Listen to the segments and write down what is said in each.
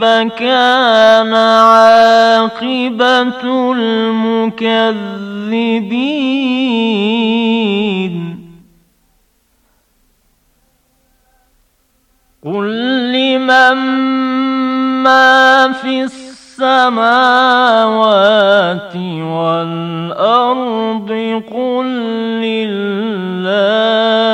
فكان عاقبة المكذبين قل لمن ما في السماوات والأرض قل لله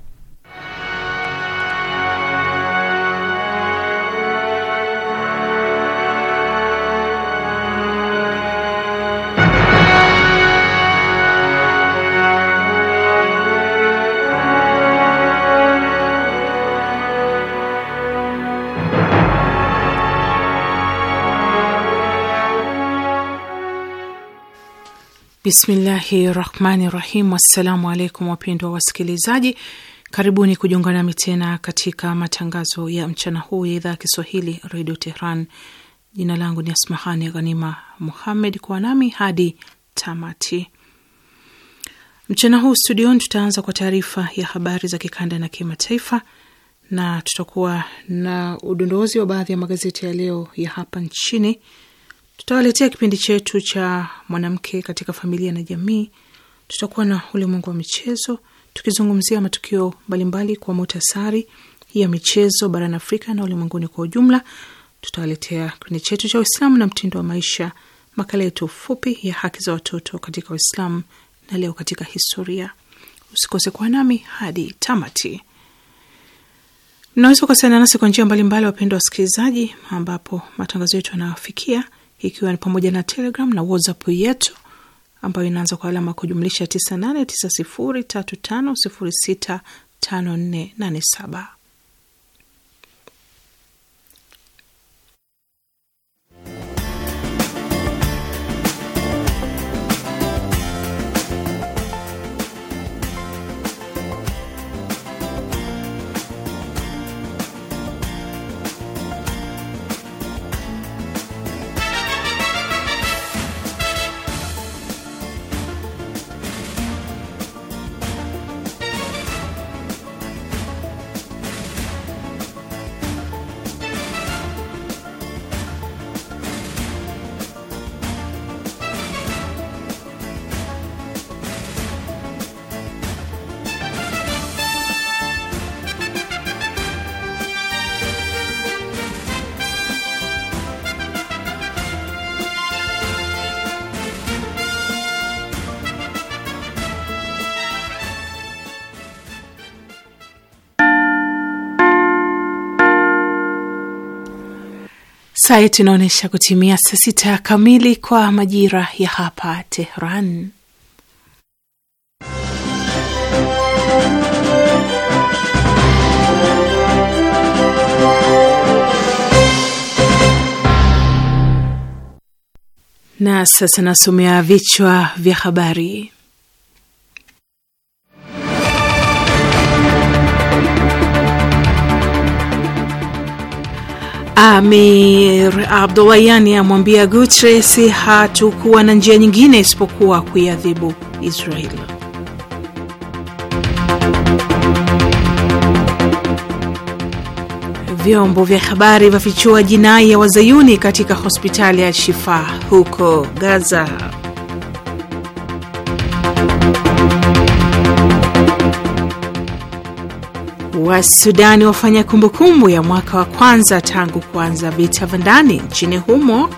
Bismillahi rahmani rahim. Assalamu alaikum wapendwa wasikilizaji, karibuni kujiunga nami tena katika matangazo ya mchana huu ya idhaa ya Kiswahili redio Tehran. Jina langu ni Asmahani Ghanima Muhammed, kuwa nami hadi tamati mchana huu studioni. Tutaanza kwa taarifa ya habari za kikanda na kimataifa, na tutakuwa na udondozi wa baadhi ya magazeti ya leo ya hapa nchini tutawaletea kipindi chetu cha mwanamke katika familia na jamii. Tutakuwa na ulimwengu wa michezo tukizungumzia matukio mbalimbali kwa muhtasari ya michezo barani Afrika na ulimwenguni kwa ujumla. Tutawaletea kipindi chetu cha Uislamu na mtindo wa maisha, makala yetu fupi ya haki za watoto katika Uislamu na leo katika historia. Usikose kuwa nami hadi tamati. Mnaweza kuwasiliana nasi kwa njia mbalimbali, wapendwa wasikilizaji, ambapo matangazo yetu yanawafikia ikiwa ni pamoja na Telegram na WhatsApp yetu ambayo inaanza kwa alama kujumlisha 989035065487. Sasa yetu inaonyesha kutimia saa sita kamili kwa majira ya hapa Tehran. Na sasa nasomea vichwa vya habari. Amir Abdullahiani amwambia Gutres, hatukuwa na njia nyingine isipokuwa kuiadhibu israel Vyombo vya habari vafichua jinai ya wazayuni katika hospitali ya Shifa huko Gaza. Wasudani wafanya kumbukumbu ya mwaka wa kwanza tangu kuanza vita vya ndani nchini humo.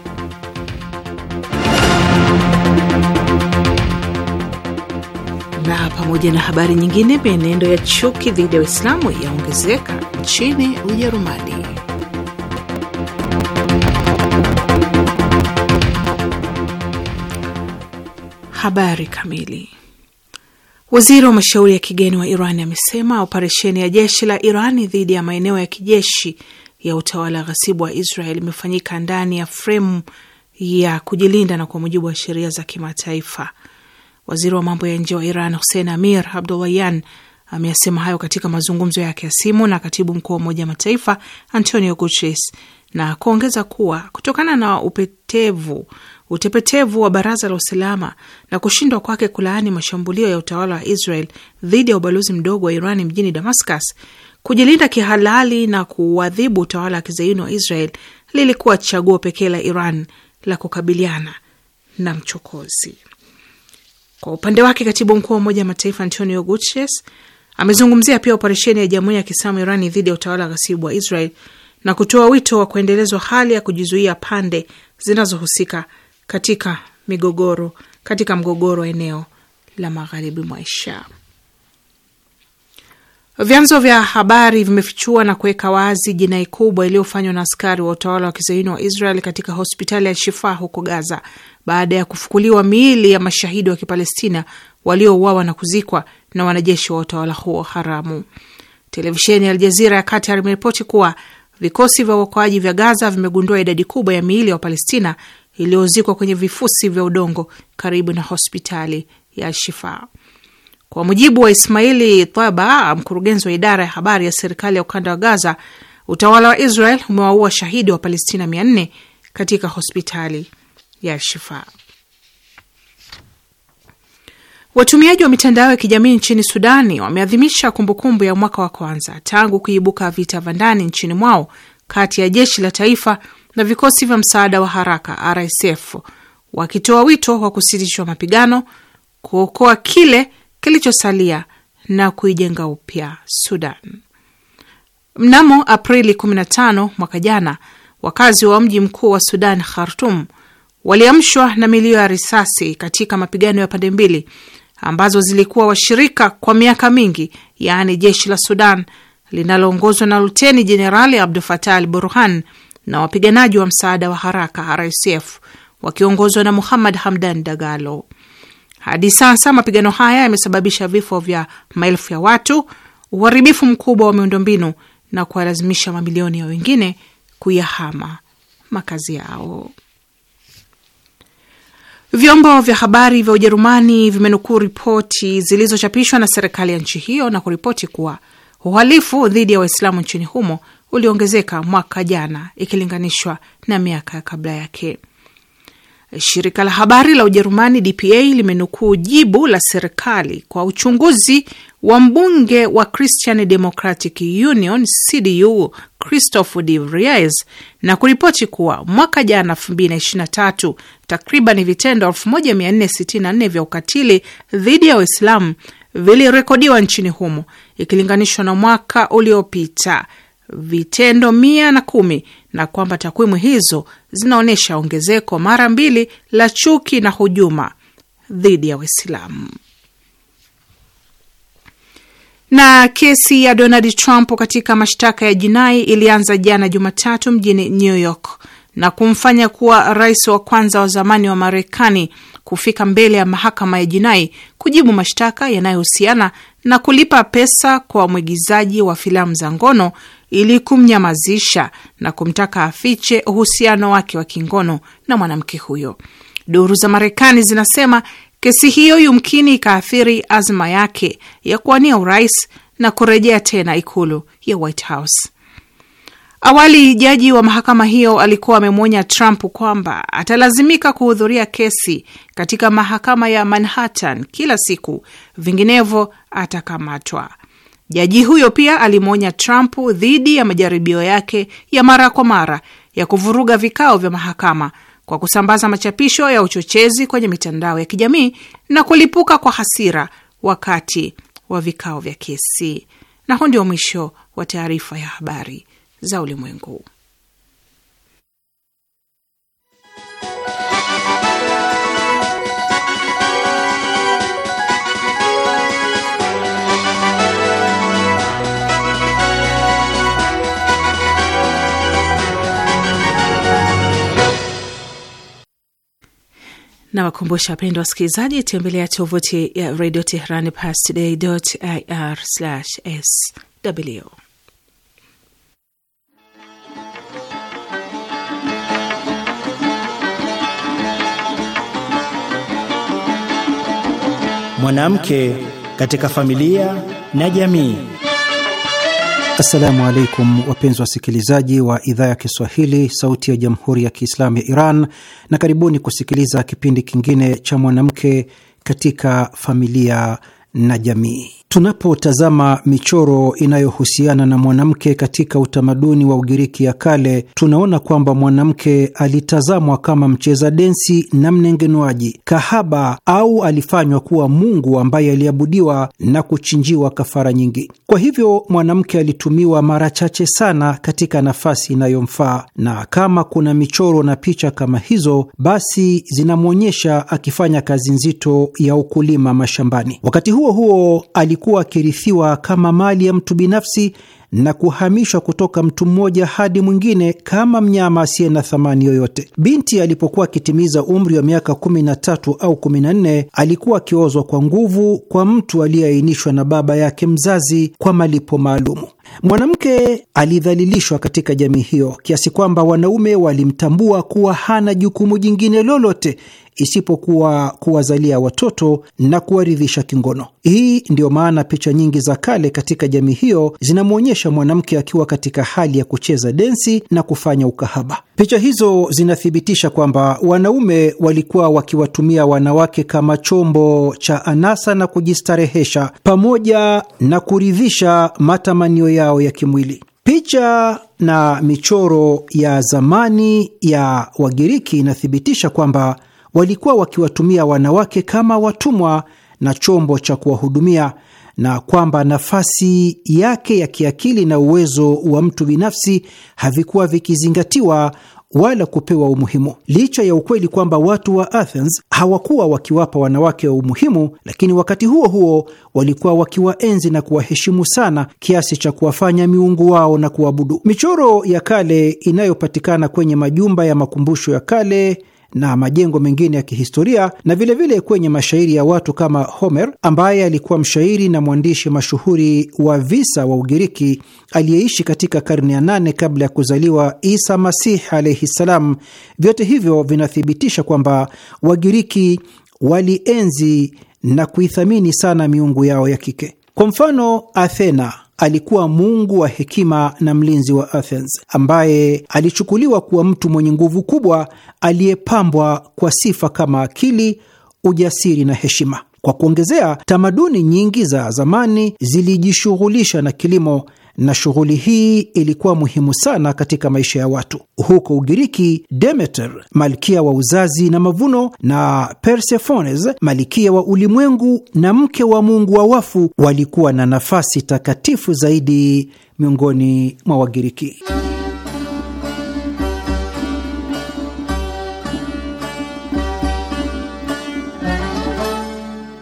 Na pamoja na habari nyingine, mienendo ya chuki dhidi ya Uislamu yaongezeka nchini Ujerumani. Habari kamili Waziri wa mashauri ya kigeni wa Iran amesema operesheni ya jeshi la Iran dhidi ya maeneo ya kijeshi ya utawala ghasibu wa Israel imefanyika ndani ya fremu ya kujilinda na kwa mujibu wa sheria za kimataifa. Waziri wa mambo ya nje wa Iran Hussein Amir abdulayan ameyasema hayo katika mazungumzo yake ya simu na katibu mkuu wa Umoja Mataifa Antonio Guterres na kuongeza kuwa kutokana na upetevu utepetevu wa baraza la usalama na kushindwa kwake kulaani mashambulio ya utawala wa Israel dhidi ya ubalozi mdogo wa Iran mjini Damascus, kujilinda kihalali na kuuadhibu utawala wa kizayuni wa Israel lilikuwa chaguo pekee la Iran la kukabiliana na mchokozi. Kwa upande wake, katibu mkuu wa Umoja wa Mataifa Antonio Guterres amezungumzia pia operesheni ya Jamhuri ya Kiislamu Irani dhidi ya utawala ghasibu wa Israel na kutoa wito wa kuendelezwa hali ya kujizuia pande zinazohusika katika migogoro, katika mgogoro eneo la magharibi mwa Asia. Vyanzo vya habari vimefichua na kuweka wazi jinai kubwa iliyofanywa na askari wa utawala wa kizaini wa Israel katika hospitali ya Shifa huko Gaza baada ya kufukuliwa miili ya mashahidi wa Kipalestina waliouawa na kuzikwa na wanajeshi wa utawala huo haramu. Televisheni ya Aljazira ya Katar imeripoti kuwa vikosi vya uokoaji vya Gaza vimegundua idadi kubwa ya miili ya Wapalestina iliyozikwa kwenye vifusi vya udongo karibu na hospitali ya Shifa. Kwa mujibu wa Ismaili Taba, mkurugenzi wa idara ya habari ya serikali ya ukanda wa Gaza, utawala wa Israel umewaua shahidi wa Palestina 400 katika hospitali ya Shifa. Watumiaji wa mitandao ya kijamii nchini Sudani wameadhimisha kumbukumbu ya mwaka wa kwanza tangu kuibuka vita vya ndani nchini mwao kati ya jeshi la taifa na vikosi vya msaada wa haraka RSF wakitoa wito wa kusitishwa mapigano, kuokoa kile kilichosalia na kuijenga upya Sudan. Mnamo Aprili 15 mwaka jana, wakazi wa mji mkuu wa Sudan, Khartum, waliamshwa na milio ya risasi katika mapigano ya pande mbili ambazo zilikuwa washirika kwa miaka mingi, yaani jeshi la Sudan linaloongozwa na Luteni Jenerali Abdul Fatah al Burhan na wapiganaji wa msaada wa haraka RSF wakiongozwa na Muhammad Hamdan Dagalo. Hadi sasa mapigano haya yamesababisha vifo vya maelfu ya watu, uharibifu mkubwa wa miundombinu na kuwalazimisha mamilioni ya wengine kuyahama makazi yao. Vyombo vya habari vya Ujerumani vimenukuu ripoti zilizochapishwa na serikali ya nchi hiyo na kuripoti kuwa uhalifu dhidi ya Waislamu nchini humo uliongezeka mwaka jana ikilinganishwa na miaka ya kabla yake. Shirika la habari la Ujerumani DPA limenukuu jibu la serikali kwa uchunguzi wa mbunge wa Christian Democratic Union CDU Christoph de Vries na kuripoti kuwa mwaka jana 2023 takriban vitendo 1464 vya ukatili dhidi ya Waislamu vilirekodiwa nchini humo ikilinganishwa na mwaka uliopita vitendo mia na kumi na kwamba takwimu hizo zinaonyesha ongezeko mara mbili la chuki na hujuma dhidi ya Waislamu. Na kesi ya Donald Trump katika mashtaka ya jinai ilianza jana Jumatatu mjini New York na kumfanya kuwa rais wa kwanza wa zamani wa Marekani kufika mbele ya mahakama ya jinai kujibu mashtaka yanayohusiana na kulipa pesa kwa mwigizaji wa filamu za ngono ili kumnyamazisha na kumtaka afiche uhusiano wake wa kingono na mwanamke huyo. Duru za Marekani zinasema kesi hiyo yumkini ikaathiri azma yake ya kuwania urais na kurejea tena ikulu ya White House. Awali jaji wa mahakama hiyo alikuwa amemwonya Trump kwamba atalazimika kuhudhuria kesi katika mahakama ya Manhattan kila siku, vinginevyo atakamatwa. Jaji huyo pia alimwonya Trump dhidi ya majaribio yake ya mara kwa mara ya kuvuruga vikao vya mahakama kwa kusambaza machapisho ya uchochezi kwenye mitandao ya kijamii na kulipuka kwa hasira wakati wa vikao vya kesi. Na huu ndio mwisho wa taarifa ya habari za ulimwengu. na wakumbusha wapendwa wasikilizaji, tembelea tovuti ya redio Teherani pastoday.ir/sw. Mwanamke katika familia na jamii. Assalamu alaikum wapenzi wasikilizaji wa idhaa ya Kiswahili, sauti ya jamhuri ya kiislamu ya Iran, na karibuni kusikiliza kipindi kingine cha mwanamke katika familia na jamii. Tunapotazama michoro inayohusiana na mwanamke katika utamaduni wa Ugiriki ya kale, tunaona kwamba mwanamke alitazamwa kama mcheza densi na mnengenuaji, kahaba, au alifanywa kuwa mungu ambaye aliabudiwa na kuchinjiwa kafara nyingi. Kwa hivyo mwanamke alitumiwa mara chache sana katika nafasi inayomfaa, na kama kuna michoro na picha kama hizo, basi zinamwonyesha akifanya kazi nzito ya ukulima mashambani. Wakati huu huo huo alikuwa akirithiwa kama mali ya mtu binafsi na kuhamishwa kutoka mtu mmoja hadi mwingine kama mnyama asiye na thamani yoyote. Binti alipokuwa akitimiza umri wa miaka 13 au 14, alikuwa akiozwa kwa nguvu kwa mtu aliyeainishwa na baba yake mzazi kwa malipo maalumu. Mwanamke alidhalilishwa katika jamii hiyo kiasi kwamba wanaume walimtambua kuwa hana jukumu jingine lolote isipokuwa kuwazalia watoto na kuwaridhisha kingono. Hii ndiyo maana picha nyingi za kale katika jamii hiyo zinamwonyesha mwanamke akiwa katika hali ya kucheza densi na kufanya ukahaba. Picha hizo zinathibitisha kwamba wanaume walikuwa wakiwatumia wanawake kama chombo cha anasa na kujistarehesha pamoja na kuridhisha matamanio yao ya kimwili. Picha na michoro ya zamani ya Wagiriki inathibitisha kwamba walikuwa wakiwatumia wanawake kama watumwa na chombo cha kuwahudumia na kwamba nafasi yake ya kiakili na uwezo wa mtu binafsi havikuwa vikizingatiwa wala kupewa umuhimu. Licha ya ukweli kwamba watu wa Athens hawakuwa wakiwapa wanawake wa umuhimu, lakini wakati huo huo walikuwa wakiwaenzi na kuwaheshimu sana kiasi cha kuwafanya miungu wao na kuabudu. Michoro ya kale inayopatikana kwenye majumba ya makumbusho ya kale na majengo mengine ya kihistoria na vilevile vile kwenye mashairi ya watu kama Homer ambaye alikuwa mshairi na mwandishi mashuhuri wa visa wa Ugiriki aliyeishi katika karne ya nane kabla ya kuzaliwa Isa Masih alaihi ssalam. Vyote hivyo vinathibitisha kwamba Wagiriki walienzi na kuithamini sana miungu yao ya kike. Kwa mfano, Athena alikuwa mungu wa hekima na mlinzi wa Athens, ambaye alichukuliwa kuwa mtu mwenye nguvu kubwa aliyepambwa kwa sifa kama akili, ujasiri na heshima. Kwa kuongezea, tamaduni nyingi za zamani zilijishughulisha na kilimo na shughuli hii ilikuwa muhimu sana katika maisha ya watu. Huko Ugiriki, Demeter, malkia wa uzazi na mavuno, na Persefones, malkia wa ulimwengu na mke wa mungu wa wafu, walikuwa na nafasi takatifu zaidi miongoni mwa Wagiriki.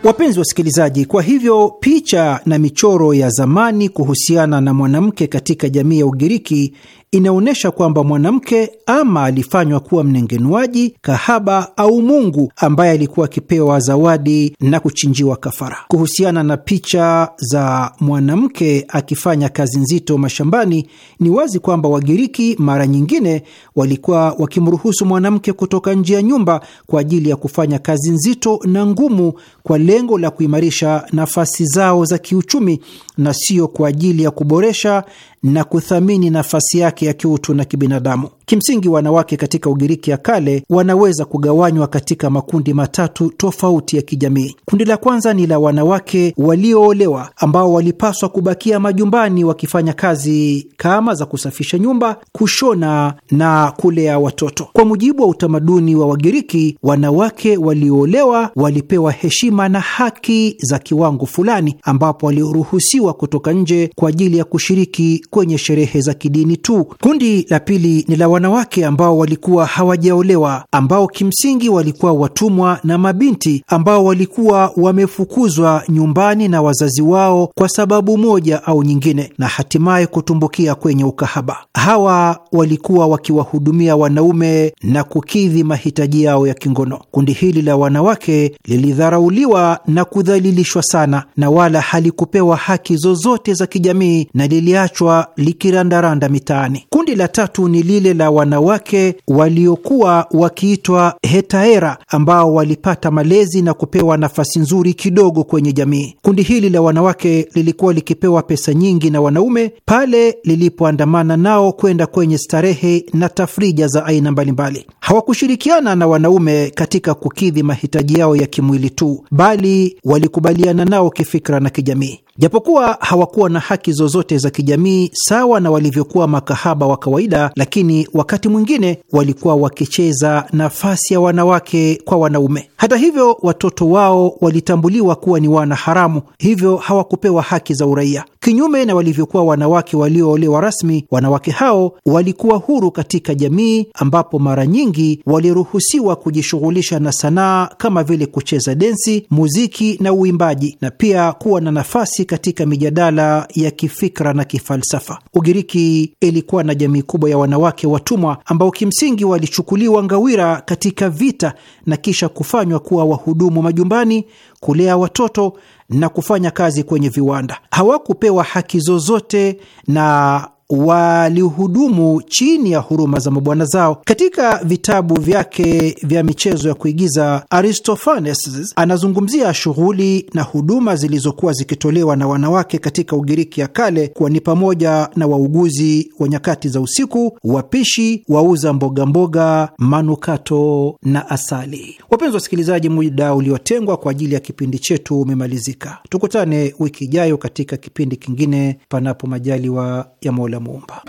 Wapenzi wasikilizaji, kwa hivyo picha na michoro ya zamani kuhusiana na mwanamke katika jamii ya Ugiriki inaonyesha kwamba mwanamke ama alifanywa kuwa mnengenuaji, kahaba au mungu ambaye alikuwa akipewa zawadi na kuchinjiwa kafara. Kuhusiana na picha za mwanamke akifanya kazi nzito mashambani, ni wazi kwamba Wagiriki mara nyingine walikuwa wakimruhusu mwanamke kutoka nje ya nyumba kwa ajili ya kufanya kazi nzito na ngumu kwa lengo la kuimarisha nafasi zao za kiuchumi na sio kwa ajili ya kuboresha na kuthamini nafasi yake ya kiutu na kibinadamu. Kimsingi, wanawake katika Ugiriki ya kale wanaweza kugawanywa katika makundi matatu tofauti ya kijamii. Kundi la kwanza ni la wanawake walioolewa ambao walipaswa kubakia majumbani wakifanya kazi kama za kusafisha nyumba, kushona na kulea watoto. Kwa mujibu wa utamaduni wa Wagiriki, wanawake walioolewa walipewa heshima na haki za kiwango fulani, ambapo waliruhusiwa kutoka nje kwa ajili ya kushiriki kwenye sherehe za kidini tu. Kundi la pili ni la wanawake ambao walikuwa hawajaolewa, ambao kimsingi walikuwa watumwa na mabinti ambao walikuwa wamefukuzwa nyumbani na wazazi wao kwa sababu moja au nyingine, na hatimaye kutumbukia kwenye ukahaba. Hawa walikuwa wakiwahudumia wanaume na kukidhi mahitaji yao ya kingono. Kundi hili la wanawake lilidharauliwa na kudhalilishwa sana, na wala halikupewa haki zozote za kijamii na liliachwa likirandaranda mitaani. Kundi la tatu ni lile la wanawake waliokuwa wakiitwa hetaera ambao walipata malezi na kupewa nafasi nzuri kidogo kwenye jamii. Kundi hili la wanawake lilikuwa likipewa pesa nyingi na wanaume pale lilipoandamana nao kwenda kwenye starehe na tafrija za aina mbalimbali. Hawakushirikiana na wanaume katika kukidhi mahitaji yao ya kimwili tu, bali walikubaliana nao kifikra na kijamii. Japokuwa hawakuwa na haki zozote za kijamii sawa na walivyokuwa makahaba wa kawaida, lakini wakati mwingine walikuwa wakicheza nafasi ya wanawake kwa wanaume. Hata hivyo, watoto wao walitambuliwa kuwa ni wana haramu, hivyo hawakupewa haki za uraia. Kinyume na walivyokuwa wanawake walioolewa rasmi, wanawake hao walikuwa huru katika jamii, ambapo mara nyingi waliruhusiwa kujishughulisha na sanaa kama vile kucheza densi, muziki na uimbaji, na pia kuwa na nafasi katika mijadala ya kifikra na kifalsafa. Ugiriki ilikuwa na jamii kubwa ya wanawake watumwa ambao kimsingi walichukuliwa ngawira katika vita na kisha kufanywa kuwa wahudumu majumbani, kulea watoto na kufanya kazi kwenye viwanda. Hawakupewa haki zozote na walihudumu chini ya huruma za mabwana zao. Katika vitabu vyake vya michezo ya kuigiza, Aristophanes anazungumzia shughuli na huduma zilizokuwa zikitolewa na wanawake katika Ugiriki ya kale, kuwa ni pamoja na wauguzi wa nyakati za usiku, wapishi, wauza mbogamboga, manukato na asali. Wapenzi wasikilizaji, muda uliotengwa kwa ajili ya kipindi chetu umemalizika. Tukutane wiki ijayo katika kipindi kingine, panapo majaliwa ya Mola. Muumba.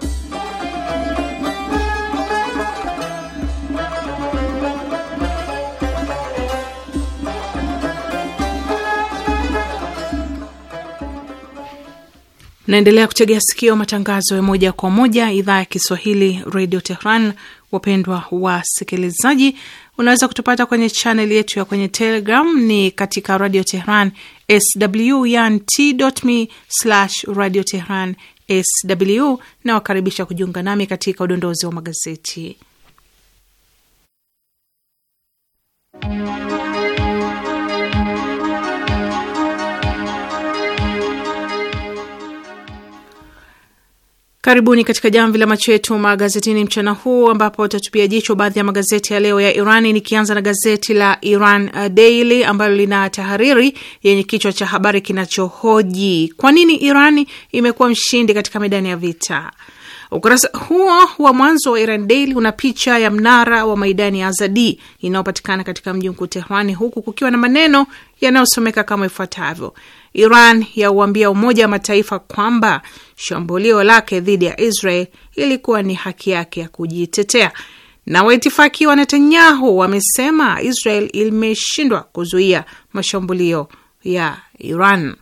Naendelea kutegea sikio matangazo ya moja kwa moja idhaa ya Kiswahili redio Tehran. Wapendwa wasikilizaji, unaweza kutupata kwenye chaneli yetu ya kwenye Telegram ni katika radio Tehran sw, yani t.me radio Tehran sw na wakaribisha kujiunga nami katika udondozi wa magazeti Karibuni katika jamvi la macho yetu magazetini mchana huu, ambapo tatupia jicho baadhi ya magazeti ya leo ya Irani, nikianza na gazeti la Iran uh, Daily ambalo lina tahariri yenye kichwa cha habari kinachohoji kwa nini Iran imekuwa mshindi katika medani ya vita. Ukurasa huo wa mwanzo wa Iran Daily una picha ya mnara wa maidani ya Azadi inayopatikana katika mji mkuu Tehrani, huku kukiwa na maneno yanayosomeka kama ifuatavyo: Iran yauambia Umoja wa Mataifa kwamba shambulio lake dhidi ya Israel ilikuwa ni haki yake ya kujitetea. Na waitifaki wa Netanyahu wamesema Israel imeshindwa kuzuia mashambulio ya Iran.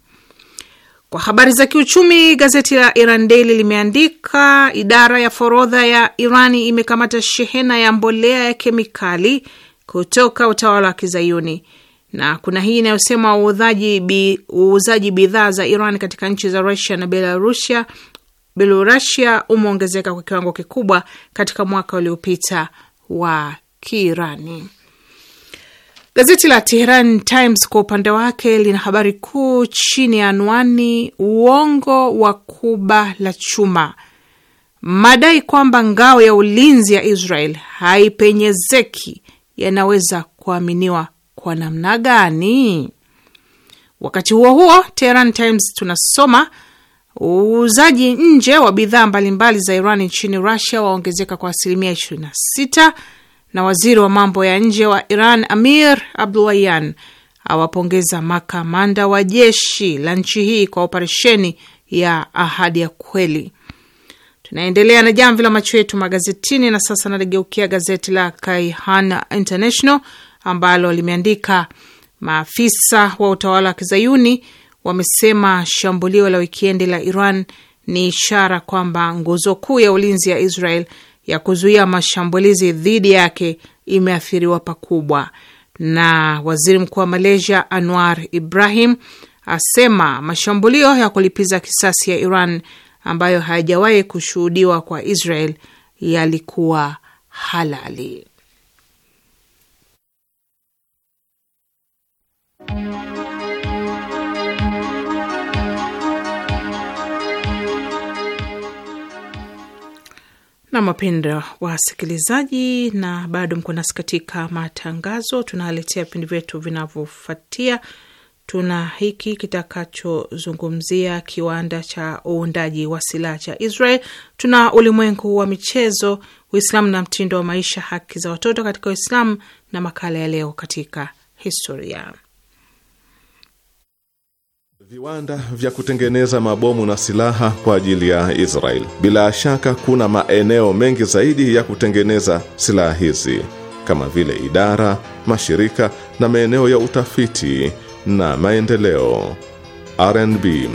Kwa habari za kiuchumi, gazeti la Iran Daily limeandika idara ya forodha ya Irani imekamata shehena ya mbolea ya kemikali kutoka utawala wa Kizayuni na kuna hii inayosema uuzaji bidhaa za Iran katika nchi za Russia na Belarusia Belorusia umeongezeka kwa kiwango kikubwa katika mwaka uliopita wa Kiirani. Gazeti la Tehran Times kwa upande wake lina habari kuu chini ya anwani uongo wa kuba la chuma, madai kwamba ngao ya ulinzi ya Israel haipenyezeki yanaweza kuaminiwa kwa namna gani? Wakati huo huo, Tehran Times tunasoma uuzaji nje wa bidhaa mbalimbali za Iran nchini Rusia waongezeka kwa asilimia 26 na waziri wa mambo ya nje wa Iran Amir Abdullahian awapongeza makamanda wa jeshi la nchi hii kwa operesheni ya Ahadi ya Kweli. Tunaendelea na jamvi la macho yetu magazetini, na sasa naligeukia gazeti la Kaihan International ambalo limeandika maafisa wa utawala wa kizayuni wamesema shambulio la wikiendi la Iran ni ishara kwamba nguzo kuu ya ulinzi ya Israel ya kuzuia mashambulizi dhidi yake imeathiriwa pakubwa. Na waziri mkuu wa Malaysia Anwar Ibrahim asema mashambulio ya kulipiza kisasi ya Iran ambayo hayajawahi kushuhudiwa kwa Israel yalikuwa halali. na mapendo wasikilizaji, na bado mko nasi katika matangazo. Tunaletea vipindi vyetu vinavyofuatia. Tuna hiki kitakachozungumzia kiwanda cha uundaji wa silaha cha Israel. Tuna ulimwengu wa michezo, Uislamu na mtindo wa maisha, haki za watoto katika Uislamu, na makala ya leo katika historia. Viwanda vya kutengeneza mabomu na silaha kwa ajili ya Israel. Bila shaka kuna maeneo mengi zaidi ya kutengeneza silaha hizi kama vile idara, mashirika na maeneo ya utafiti na maendeleo R&B.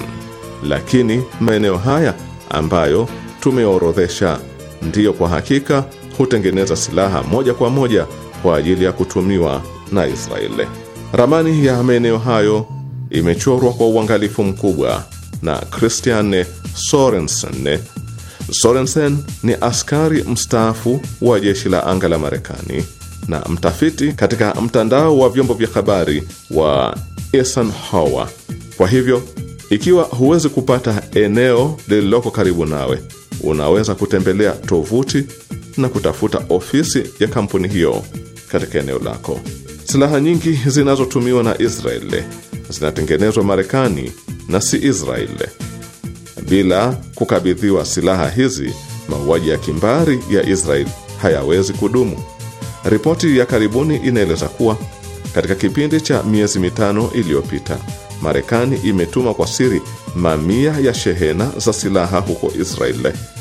Lakini maeneo haya ambayo tumeorodhesha ndiyo kwa hakika hutengeneza silaha moja kwa moja kwa ajili ya kutumiwa na Israeli. Ramani ya maeneo hayo imechorwa kwa uangalifu mkubwa na Christian Sorensen. Sorensen ni askari mstaafu wa jeshi la anga la Marekani na mtafiti katika mtandao wa vyombo vya habari wa Eisenhower. Kwa hivyo, ikiwa huwezi kupata eneo lililoko karibu nawe, unaweza kutembelea tovuti na kutafuta ofisi ya kampuni hiyo katika eneo lako. Silaha nyingi zinazotumiwa na Israeli zinatengenezwa Marekani na si Israel. Bila kukabidhiwa silaha hizi, mauaji ya kimbari ya Israel hayawezi kudumu. Ripoti ya karibuni inaeleza kuwa katika kipindi cha miezi mitano iliyopita, Marekani imetuma kwa siri mamia ya shehena za silaha huko Israel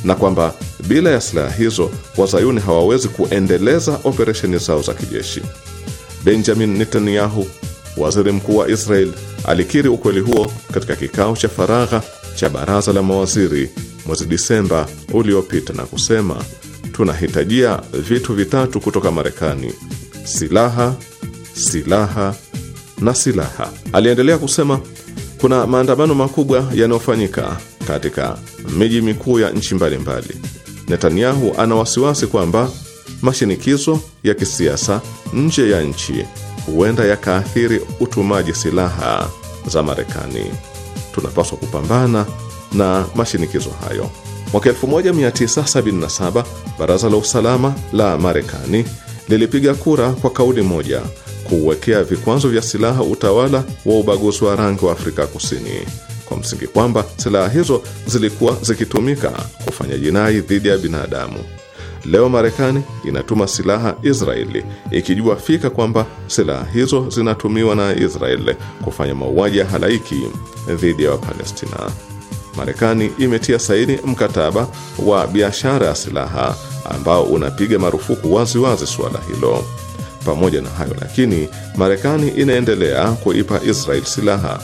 na kwamba bila ya silaha hizo wazayuni hawawezi kuendeleza operesheni zao za kijeshi. Benjamin Netanyahu Waziri mkuu wa Israel alikiri ukweli huo katika kikao cha faragha cha baraza la mawaziri mwezi Disemba uliopita na kusema, tunahitajia vitu vitatu kutoka Marekani: silaha, silaha na silaha. Aliendelea kusema kuna maandamano makubwa yanayofanyika katika miji mikuu ya nchi mbalimbali. Netanyahu ana wasiwasi kwamba mashinikizo ya kisiasa nje ya nchi huenda yakaathiri utumaji silaha za Marekani. Tunapaswa kupambana na mashinikizo hayo. Mwaka 1977 baraza la usalama la Marekani lilipiga kura kwa kauli moja kuuwekea vikwazo vya silaha utawala wa ubaguzi wa rangi wa Afrika Kusini kwa msingi kwamba silaha hizo zilikuwa zikitumika kufanya jinai dhidi ya binadamu. Leo Marekani inatuma silaha Israeli ikijua fika kwamba silaha hizo zinatumiwa na Israeli kufanya mauaji ya halaiki dhidi ya Wapalestina. Marekani imetia saini mkataba wa biashara ya silaha ambao unapiga marufuku waziwazi wazi suala hilo. Pamoja na hayo lakini, Marekani inaendelea kuipa Israel silaha.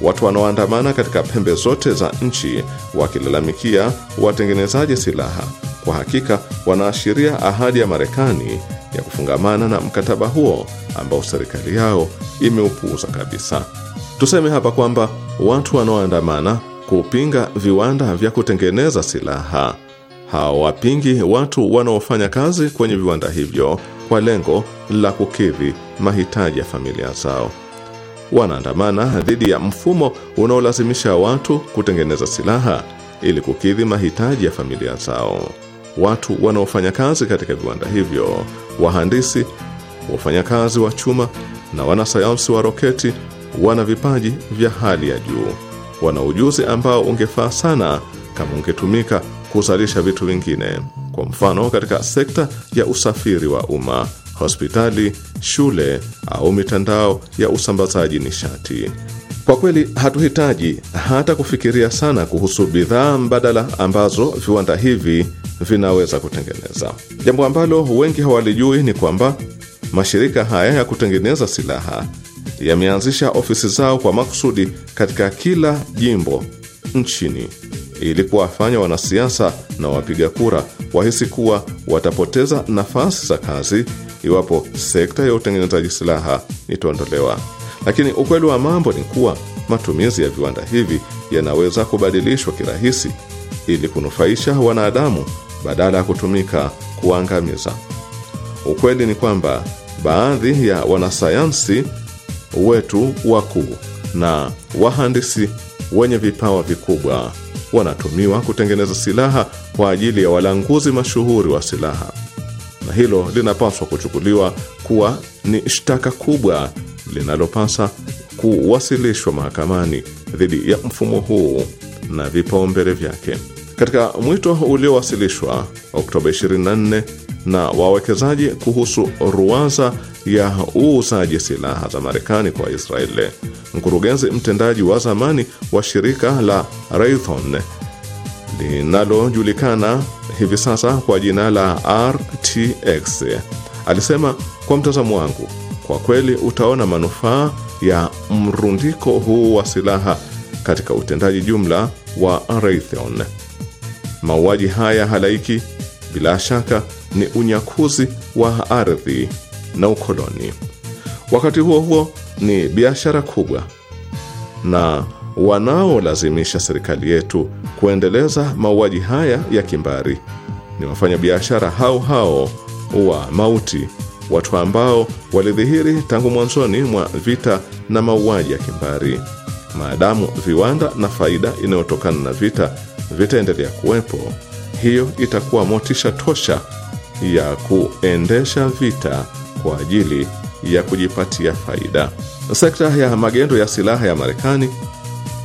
Watu wanaoandamana katika pembe zote za nchi wakilalamikia watengenezaji silaha kwa hakika wanaashiria ahadi ya Marekani ya kufungamana na mkataba huo ambao serikali yao imeupuuza kabisa. Tuseme hapa kwamba watu wanaoandamana kupinga viwanda vya kutengeneza silaha hawapingi watu wanaofanya kazi kwenye viwanda hivyo kwa lengo la kukidhi mahitaji ya familia zao. Wanaandamana dhidi ya mfumo unaolazimisha watu kutengeneza silaha ili kukidhi mahitaji ya familia zao watu wanaofanya kazi katika viwanda hivyo, wahandisi, wafanyakazi wa chuma na wanasayansi wa roketi wana vipaji vya hali ya juu. Wana ujuzi ambao ungefaa sana kama ungetumika kuzalisha vitu vingine, kwa mfano katika sekta ya usafiri wa umma, hospitali, shule au mitandao ya usambazaji nishati. Kwa kweli hatuhitaji hata kufikiria sana kuhusu bidhaa mbadala ambazo viwanda hivi vinaweza kutengeneza. Jambo ambalo wengi hawalijui ni kwamba mashirika haya ya kutengeneza silaha yameanzisha ofisi zao kwa makusudi katika kila jimbo nchini ili kuwafanya wanasiasa na wapiga kura wahisi kuwa watapoteza nafasi za kazi iwapo sekta ya utengenezaji silaha itaondolewa. Lakini ukweli wa mambo ni kuwa matumizi ya viwanda hivi yanaweza kubadilishwa kirahisi ili kunufaisha wanadamu badala ya kutumika kuangamiza. Ukweli ni kwamba baadhi ya wanasayansi wetu wakuu na wahandisi wenye vipawa vikubwa wanatumiwa kutengeneza silaha kwa ajili ya walanguzi mashuhuri wa silaha, na hilo linapaswa kuchukuliwa kuwa ni shtaka kubwa linalopasa kuwasilishwa mahakamani dhidi ya mfumo huu na vipaumbele vyake. Katika mwito uliowasilishwa Oktoba 24 na wawekezaji kuhusu ruwaza ya uuzaji silaha za Marekani kwa Israeli, mkurugenzi mtendaji wa zamani wa shirika la Raytheon linalojulikana hivi sasa kwa jina la RTX alisema, kwa mtazamo wangu kwa kweli utaona manufaa ya mrundiko huu wa silaha katika utendaji jumla wa Raytheon. Mauaji haya halaiki bila shaka ni unyakuzi wa ardhi na ukoloni. Wakati huo huo, ni biashara kubwa, na wanaolazimisha serikali yetu kuendeleza mauaji haya ya kimbari ni wafanya biashara hao hao wa mauti watu ambao walidhihiri tangu mwanzoni mwa vita na mauaji ya kimbari. Maadamu viwanda na faida inayotokana na vita vitaendelea kuwepo, hiyo itakuwa motisha tosha ya kuendesha vita kwa ajili ya kujipatia faida. Sekta ya magendo ya silaha ya Marekani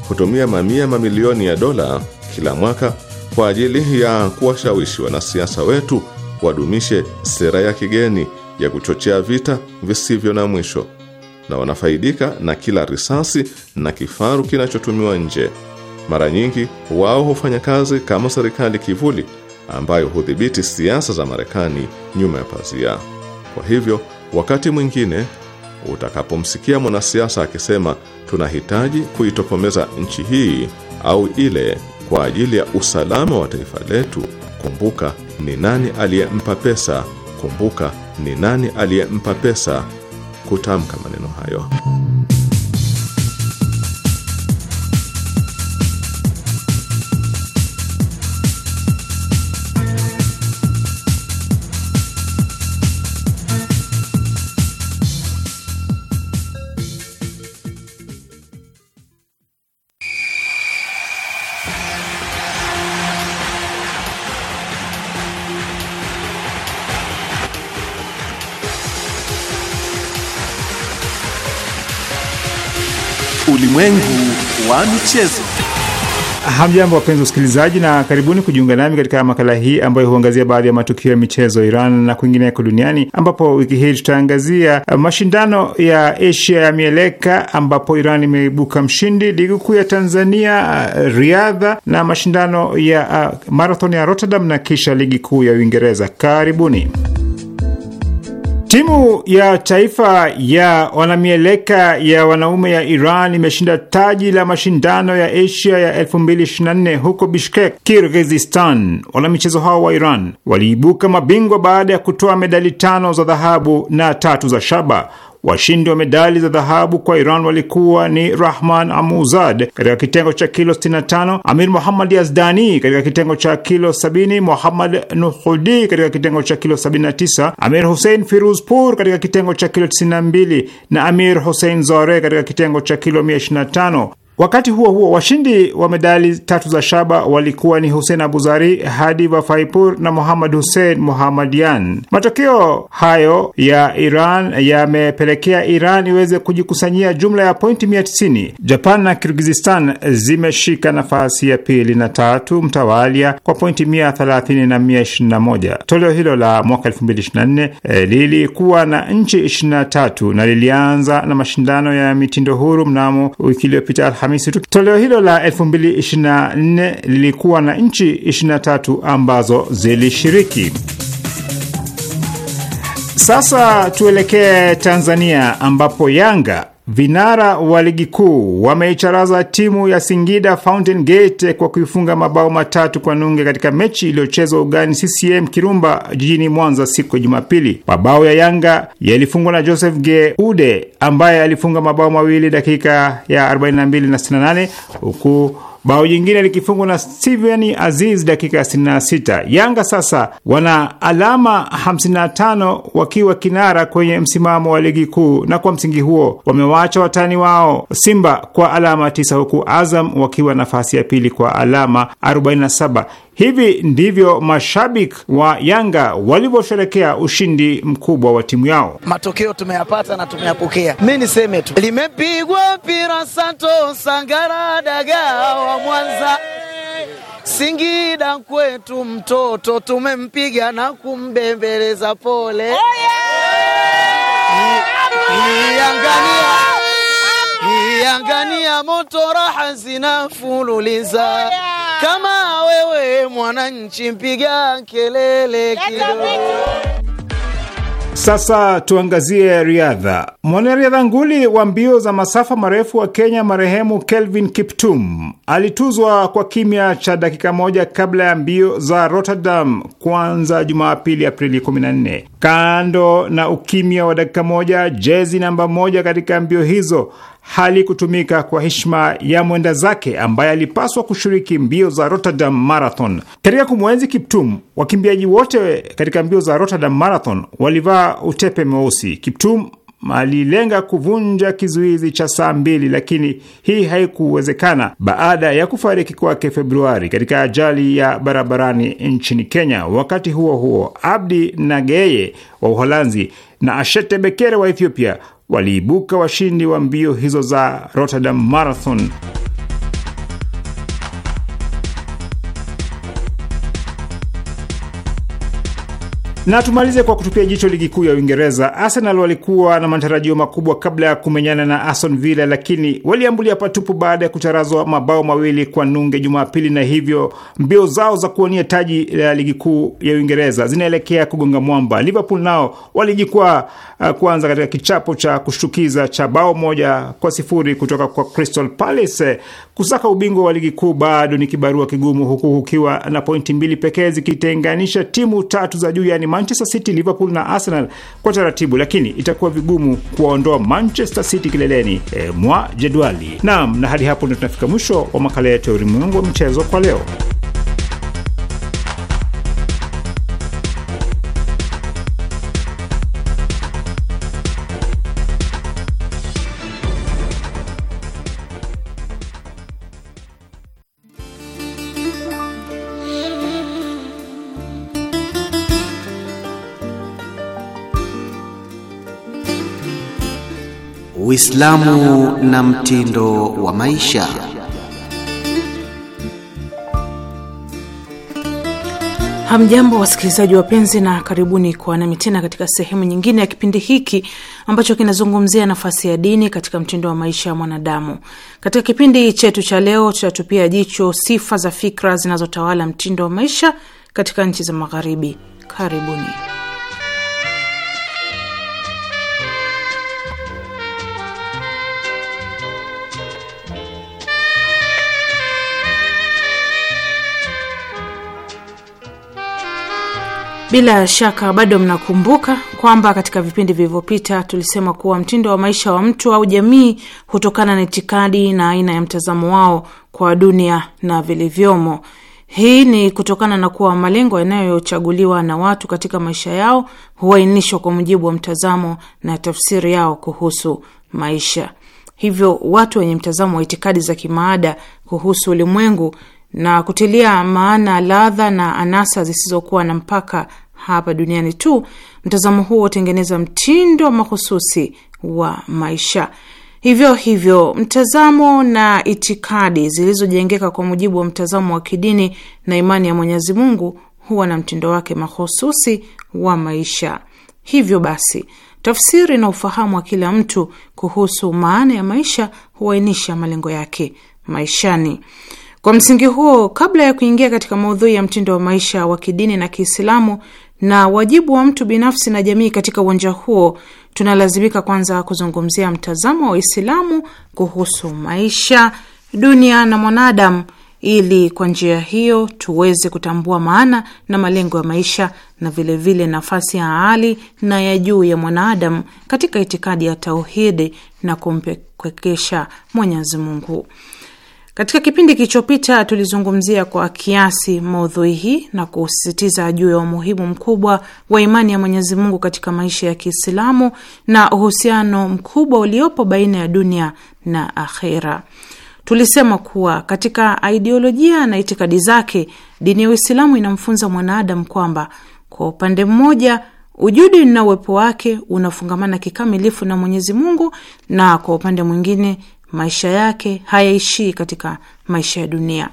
hutumia mamia mamilioni ya dola kila mwaka kwa ajili ya kuwashawishi wanasiasa wetu wadumishe sera ya kigeni ya kuchochea vita visivyo na mwisho na wanafaidika na kila risasi na kifaru kinachotumiwa nje. Mara nyingi wao hufanya kazi kama serikali kivuli ambayo hudhibiti siasa za Marekani nyuma ya pazia. Kwa hivyo, wakati mwingine utakapomsikia mwanasiasa akisema tunahitaji kuitokomeza nchi hii au ile kwa ajili ya usalama wa taifa letu, kumbuka ni nani aliyempa pesa kumbuka ni nani aliyempa pesa kutamka maneno hayo. Michezo. Hamjambo wapenzi usikilizaji, na karibuni kujiunga nami katika makala hii ambayo huangazia baadhi ya matukio ya michezo Iran na kwingineko duniani, ambapo wiki hii tutaangazia mashindano ya Asia ya mieleka ambapo Iran imeibuka mshindi, ligi kuu ya Tanzania riadha, na mashindano ya uh, marathon ya Rotterdam na kisha ligi kuu ya Uingereza. Karibuni. Timu ya taifa ya wanamieleka ya wanaume ya Iran imeshinda taji la mashindano ya Asia ya 2024 huko Bishkek, Kirgizistan. Wanamichezo hao wa Iran waliibuka mabingwa baada ya kutoa medali tano za dhahabu na tatu za shaba. Washindi wa medali za dhahabu kwa Iran walikuwa ni Rahman Amuzad katika kitengo cha kilo 65, Amir Muhammad Yazdani katika kitengo cha kilo 70, Muhammad Nuhudi katika kitengo cha kilo 79, Amir Hussein Firuzpur katika kitengo cha kilo 92 na Amir Hussein Zore katika kitengo cha kilo 125. Wakati huo huo, washindi wa medali tatu za shaba walikuwa ni Hussein Abuzari, Hadi Vafaipur na Muhammad Hussein Muhammadian. Matokeo hayo ya Iran yamepelekea Iran iweze kujikusanyia jumla ya pointi 190. Japan na Kirgizistan zimeshika nafasi ya pili na tatu mtawalia kwa pointi 130 na 121. Toleo hilo la mwaka 2024 eh, lilikuwa na nchi 23 na lilianza na mashindano ya mitindo huru mnamo wiki iliyopita Alhamisi tu. Toleo hilo la 2024 lilikuwa na nchi 23 ambazo zilishiriki. Sasa tuelekee Tanzania ambapo Yanga vinara wa ligi kuu wameicharaza timu ya Singida Fountain Gate kwa kuifunga mabao matatu kwa nunge katika mechi iliyochezwa ugani CCM Kirumba jijini Mwanza siku ya Jumapili. Mabao ya Yanga yalifungwa na Joseph Geude ambaye alifunga mabao mawili dakika ya 42 na 68 huku bao jingine likifungwa na Steven Aziz dakika ya 66. Yanga sasa wana alama 55 wakiwa kinara kwenye msimamo wa ligi kuu, na kwa msingi huo wamewaacha watani wao Simba kwa alama 9 huku Azam wakiwa nafasi ya pili kwa alama 47. Hivi ndivyo mashabiki wa Yanga walivyosherekea ushindi mkubwa wa timu yao. Matokeo tumeyapata na tumeyapokea. Mi niseme tu limepigwa mpira Santo Sangara daga wa Mwanza Singida kwetu mtoto tumempiga na kumbembeleza pole. Oh yeah! iangania moto, raha zinafululiza oh, kama wewe mwananchi, mpiga kelele kidogo. Sasa tuangazie riadha. Mwanariadha nguli wa mbio za masafa marefu wa Kenya marehemu Kelvin Kiptum alituzwa kwa kimya cha dakika moja kabla ya mbio za Rotterdam kuanza Jumapili, Aprili 14. Kando na ukimya wa dakika moja, jezi namba moja katika mbio hizo halikutumika kwa heshima ya mwenda zake ambaye alipaswa kushiriki mbio za Rotterdam Marathon. Katika kumwenzi Kiptum, wakimbiaji wote katika mbio za Rotterdam Marathon walivaa utepe mweusi. Kiptum alilenga kuvunja kizuizi cha saa mbili, lakini hii haikuwezekana baada ya kufariki kwake Februari katika ajali ya barabarani nchini Kenya. Wakati huo huo, Abdi Nageye wa Uholanzi na Ashete Bekere wa Ethiopia waliibuka washindi wa mbio hizo za Rotterdam Marathon. Na tumalize kwa kutupia jicho ligi kuu ya Uingereza. Arsenal walikuwa na matarajio makubwa kabla ya kumenyana na Aston Villa, lakini waliambulia patupu baada ya kucharazwa mabao mawili kwa nunge Jumapili, na hivyo mbio zao za kuonia taji la ligi kuu ya Uingereza zinaelekea kugonga mwamba. Liverpool nao walijikwaa uh, kwanza katika kichapo cha kushtukiza cha bao moja kwa sifuri kutoka kwa Crystal Palace. Kusaka ubingwa wa ligi kuu bado ni kibarua kigumu, huku ukiwa na pointi mbili pekee zikitenganisha timu tatu za juu, yani Manchester City, Liverpool na Arsenal kwa taratibu, lakini itakuwa vigumu kuwaondoa Manchester City kileleni e, mwa jedwali. Naam, na hadi hapo ndio tunafika mwisho wa makala yetu ya ulimwengu wa michezo kwa leo. Uislamu na mtindo wa maisha. Hamjambo wasikilizaji wapenzi, na karibuni kwa nami tena katika sehemu nyingine ya kipindi hiki ambacho kinazungumzia nafasi ya dini katika mtindo wa maisha ya mwanadamu. Katika kipindi chetu cha leo, tutatupia jicho sifa za fikra zinazotawala mtindo wa maisha katika nchi za Magharibi. Karibuni. Bila shaka bado mnakumbuka kwamba katika vipindi vilivyopita tulisema kuwa mtindo wa maisha wa mtu au jamii hutokana na itikadi na aina ya mtazamo wao kwa dunia na vilivyomo. Hii ni kutokana na kuwa malengo yanayochaguliwa na watu katika maisha yao huainishwa kwa mujibu wa mtazamo na tafsiri yao kuhusu maisha. Hivyo watu wenye mtazamo wa itikadi za kimaada kuhusu ulimwengu na kutilia maana ladha na anasa zisizokuwa na mpaka hapa duniani tu, mtazamo huo hutengeneza mtindo mahususi wa maisha. Hivyo hivyo mtazamo na itikadi zilizojengeka kwa mujibu wa mtazamo wa kidini na imani ya Mwenyezi Mungu huwa na mtindo wake mahususi wa maisha. Hivyo basi, tafsiri na ufahamu wa kila mtu kuhusu maana ya maisha huainisha malengo yake maishani. Kwa msingi huo, kabla ya kuingia katika maudhui ya mtindo wa maisha wa kidini na Kiislamu, na wajibu wa mtu binafsi na jamii katika uwanja huo, tunalazimika kwanza kuzungumzia mtazamo wa Uislamu kuhusu maisha, dunia na mwanadamu, ili kwa njia hiyo tuweze kutambua maana na malengo ya maisha na vilevile vile nafasi ya hali na ya juu ya mwanadamu katika itikadi ya tauhidi na kumpekekesha Mwenyezi Mungu. Katika kipindi kilichopita tulizungumzia kwa kiasi maudhui hii na kusisitiza juu ya umuhimu mkubwa wa imani ya Mwenyezi Mungu katika maisha ya Kiislamu na uhusiano mkubwa uliopo baina ya dunia na akhera. Tulisema kuwa katika aidiolojia na itikadi zake, dini ya Uislamu inamfunza mwanaadamu kwamba kwa upande mmoja ujudi na uwepo wake unafungamana kikamilifu na Mwenyezi Mungu na kwa upande mwingine Maisha yake hayaishii katika maisha ya dunia.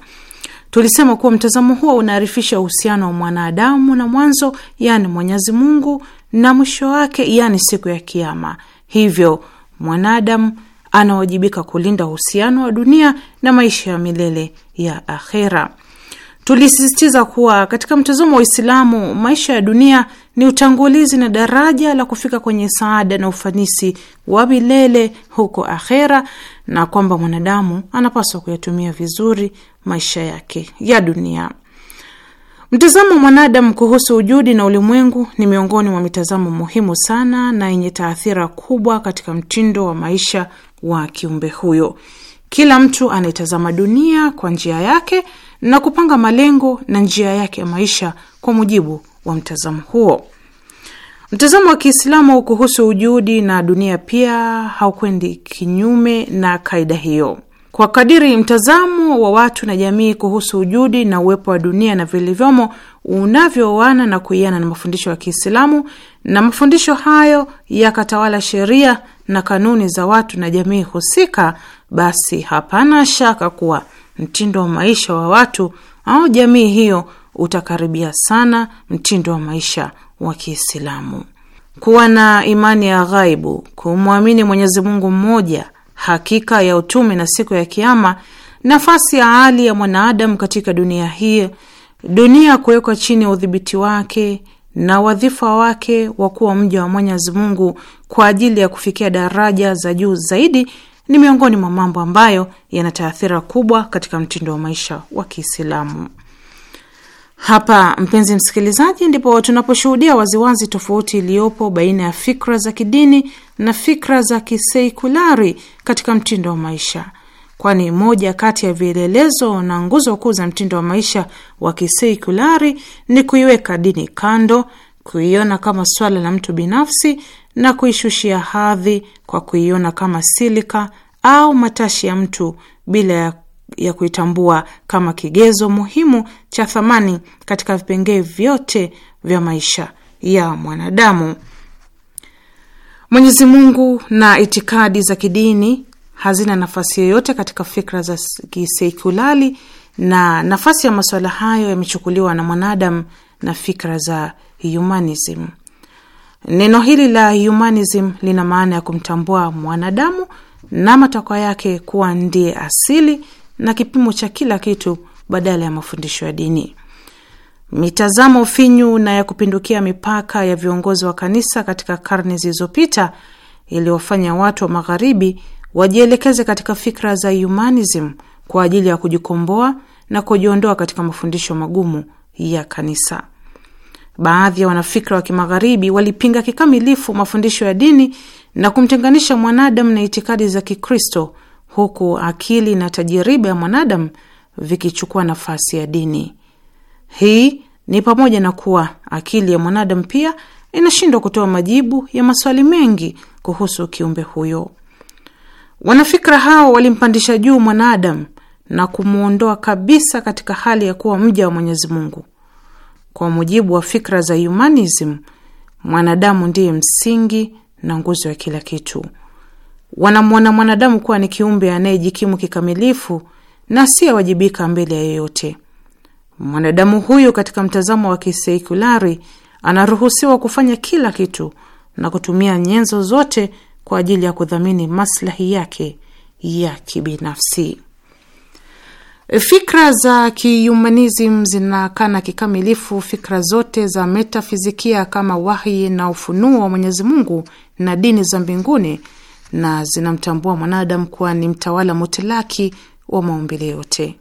Tulisema kuwa mtazamo huo unaarifisha uhusiano wa mwanadamu na mwanzo, yani Mwenyezi Mungu, na mwisho wake, yani siku ya Kiama. Hivyo mwanadamu anawajibika kulinda uhusiano wa dunia na maisha ya milele ya akhera. Tulisisitiza kuwa katika mtazamo wa Uislamu, maisha ya dunia ni utangulizi na daraja la kufika kwenye saada na ufanisi wa milele huko akhera, na kwamba mwanadamu anapaswa kuyatumia vizuri maisha yake ya dunia. Mtazamo wa mwanadamu kuhusu ujudi na ulimwengu ni miongoni mwa mitazamo muhimu sana na yenye taathira kubwa katika mtindo wa maisha wa kiumbe huyo. Kila mtu anaitazama dunia kwa njia yake na kupanga malengo na njia yake ya maisha kwa mujibu wa mtazamo huo. Mtazamo wa Kiislamu kuhusu ujuhudi na dunia pia haukwendi kinyume na kaida hiyo. Kwa kadiri mtazamo wa watu na jamii kuhusu ujudi na uwepo wa dunia na vilivyomo unavyoana na kuiana na mafundisho ya Kiislamu, na mafundisho hayo yakatawala sheria na kanuni za watu na jamii husika, basi hapana shaka kuwa mtindo wa maisha wa watu au jamii hiyo utakaribia sana mtindo wa maisha wa Kiislamu. Kuwa na imani ya ghaibu, kumwamini Mwenyezi Mungu mmoja, hakika ya utume na siku ya Kiama, nafasi ya hali ya mwanaadamu katika dunia hii, dunia kuwekwa chini ya udhibiti wake na wadhifa wake wa kuwa mja wa Mwenyezi Mungu kwa ajili ya kufikia daraja za juu zaidi ni miongoni mwa mambo ambayo yana taathira kubwa katika mtindo wa maisha wa Kiislamu. Hapa mpenzi msikilizaji, ndipo tunaposhuhudia waziwazi tofauti iliyopo baina ya fikra za kidini na fikra za kisekulari katika mtindo wa maisha, kwani moja kati ya vielelezo na nguzo kuu za mtindo wa maisha wa kisekulari ni kuiweka dini kando, kuiona kama swala la mtu binafsi na kuishushia hadhi kwa kuiona kama silika au matashi ya mtu bila ya ya kuitambua kama kigezo muhimu cha thamani katika vipengee vyote vya maisha ya mwanadamu. Mwenyezi Mungu na itikadi za kidini hazina nafasi yoyote katika fikra za kisekulali, na nafasi ya masuala hayo yamechukuliwa na mwanadamu na fikra za humanism. Neno hili la humanism lina maana ya kumtambua mwanadamu na matakwa yake kuwa ndiye asili na kipimo cha kila kitu badala ya mafundisho ya dini. Mitazamo finyu na ya kupindukia mipaka ya viongozi wa kanisa katika karne zilizopita iliwafanya watu wa magharibi wajielekeze katika fikra za humanism kwa ajili ya kujikomboa na kujiondoa katika mafundisho magumu ya kanisa. Baadhi ya wanafikra wa kimagharibi walipinga kikamilifu mafundisho ya dini na kumtenganisha mwanadamu na itikadi za Kikristo huku akili na tajiriba ya mwanadamu vikichukua nafasi ya dini. Hii ni pamoja na kuwa akili ya mwanadamu pia inashindwa kutoa majibu ya maswali mengi kuhusu kiumbe huyo. Wanafikra hao walimpandisha juu mwanadamu na kumwondoa kabisa katika hali ya kuwa mja wa Mwenyezi Mungu. Kwa mujibu wa fikra za humanism, mwanadamu ndiye msingi na nguzo ya kila kitu wanamwona mwanadamu kuwa ni kiumbe anayejikimu kikamilifu na awajibika mbele ya yeyote. Mwanadamu huyu katika mtazamo wa kisekulari anaruhusiwa kufanya kila kitu na kutumia nyenzo zote kwa ajili ya kudhamini maslahi yake ya kibinafsi. Fikra za kihumanism zinakana kikamilifu fikra zote za metafizikia kama wahi na ufunuo wa Mwenyezi Mungu na dini za mbinguni na zinamtambua mwanadamu kuwa ni mtawala mutlaki wa maumbile yote.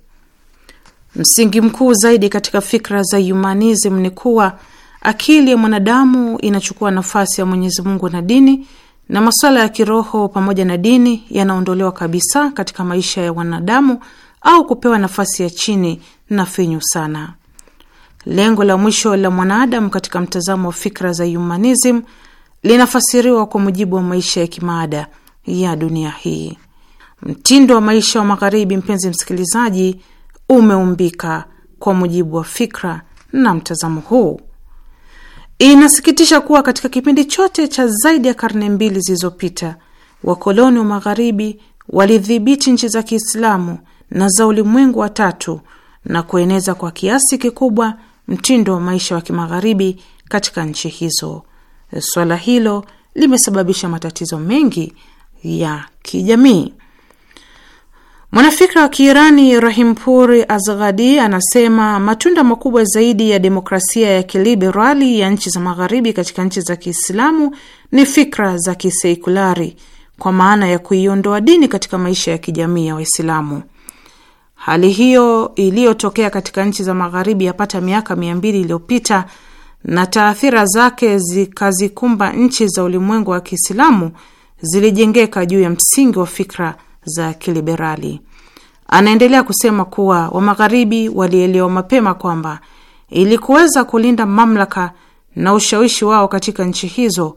Msingi mkuu zaidi katika fikra za humanism ni kuwa akili ya mwanadamu inachukua nafasi ya Mwenyezi Mungu na dini, na masuala ya kiroho pamoja na dini yanaondolewa kabisa katika maisha ya wanadamu au kupewa nafasi ya chini na finyu sana. Lengo la mwisho la mwanadamu katika mtazamo wa fikra za humanism linafasiriwa kwa mujibu wa maisha ya kimaada ya dunia hii. Mtindo wa maisha wa Magharibi, mpenzi msikilizaji, umeumbika kwa mujibu wa fikra na mtazamo huu. Inasikitisha kuwa katika kipindi chote cha zaidi ya karne mbili zilizopita, wakoloni wa Magharibi walidhibiti nchi za Kiislamu na za ulimwengu wa tatu na kueneza kwa kiasi kikubwa mtindo wa maisha wa kimagharibi katika nchi hizo. Swala hilo limesababisha matatizo mengi ya kijamii. Mwanafikra wa Kiirani Rahimpuri Azghadi anasema matunda makubwa zaidi ya demokrasia ya kiliberali ya nchi za magharibi katika nchi za Kiislamu ni fikra za kisekulari, kwa maana ya kuiondoa dini katika maisha ya kijamii ya Waislamu. Hali hiyo iliyotokea katika nchi za magharibi yapata miaka mia mbili iliyopita na taathira zake zikazikumba nchi za ulimwengu wa Kiislamu zilijengeka juu ya msingi wa fikra za kiliberali. Anaendelea kusema kuwa Wamagharibi walielewa mapema kwamba ili kuweza kulinda mamlaka na ushawishi wao katika nchi hizo,